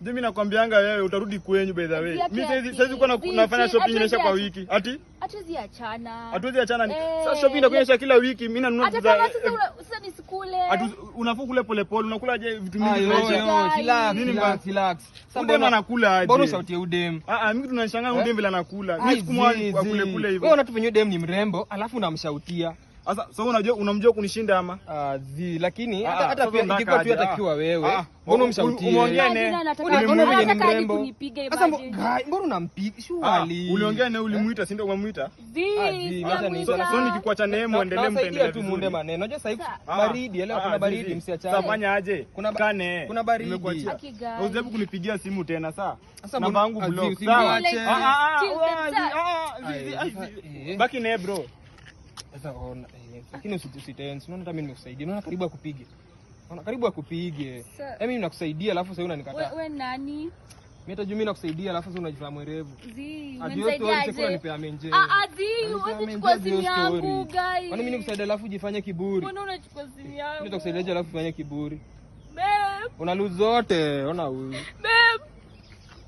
Ndio mimi nakwambianga wewe utarudi kwenyu by the way. Mimi sasa sasa uko nafanya shopping inaisha kwa wiki. Ati? Hatuwezi achana. Hatuwezi achana. Eh, hey, sasa shopping ndio inakunyesha kila wiki. Mimi nanunua vitu za sasa ni sikule. Atu unafua kule pole pole. Unakula je vitu mingi vya relax. Nini relax relax. Sasa mbona anakula aje? Bora sauti ya udem. Ah ah, mimi tunashangaa eh? udem bila nakula. Mimi sikumwani kwa kule kule hivyo. Wewe unatupenya udem ni mrembo, alafu unamshautia. Sasa so unajua unamjua kunishinda ama? Ah, zi lakini ah, hata hata pia ingekuwa tu atakiwa ah, wewe. Ah, mbona umshamtie? Umeongea naye. Unaona vile ni mrembo. Sasa mbona unampiga? Shwali. Uliongea naye ulimuita, eh? si ndio umemuita? Zi. So nikikuacha naye muendelee mpendele tu muende maneno. Unajua sasa hivi baridi, leo kuna baridi msiachane. Sasa fanya aje? Kuna kane. Kuna baridi. Usijaribu kunipigia simu tena saa. Namba yangu block. Sawa. Ah ah. Baki naye bro. Sasa ona, eh, lakini usitense. Unaona hata mimi nimekusaidia. Unaona karibu akupige. Unaona karibu akupige. Yaani mimi nakusaidia alafu sasa unanikataa. Wewe nani? Mimi tajua mimi nakusaidia alafu sasa unajifanya mwerevu. Zi, unanisaidiaje? Nipea menje. Ah ah, zi, wewe unachukua simu yangu guys. Kwani mimi nikusaidia alafu jifanye kiburi? Mbona unachukua simu yangu? Mimi nitakusaidia alafu fanye kiburi. Babe. Una lose zote, ona huyu. Babe.